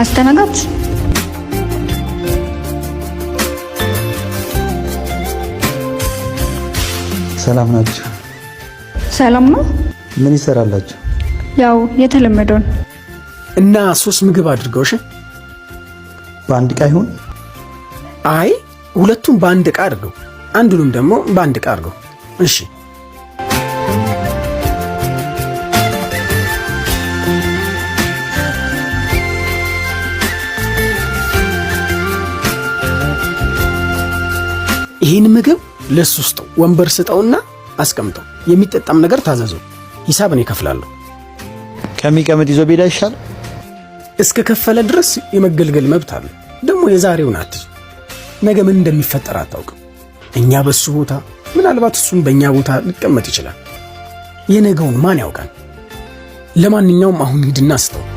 አስተናጋጅ ሰላም ናችሁ? ሰላም ነው። ምን ይሰራላችሁ? ያው የተለመደውን እና ሶስት ምግብ አድርገው። እሺ፣ በአንድ እቃ ይሁን? አይ ሁለቱም በአንድ እቃ አድርገው፣ አንዱንም ደግሞ በአንድ እቃ አድርገው። እሺ ይህን ምግብ ለሱ ስጠው፣ ወንበር ስጠውና አስቀምጠው፣ የሚጠጣም ነገር ታዘዙ፣ ሂሳብ እኔ እከፍላለሁ። ከሚቀመጥ ይዞ ቤዳ ይሻል። እስከ ከፈለ ድረስ የመገልገል መብት አለ። ደግሞ የዛሬውን ናት፣ ነገ ምን እንደሚፈጠር አታውቅም። እኛ በሱ ቦታ ምናልባት እሱም በእኛ ቦታ ሊቀመጥ ይችላል። የነገውን ማን ያውቃል? ለማንኛውም አሁን ሂድና ስጠው።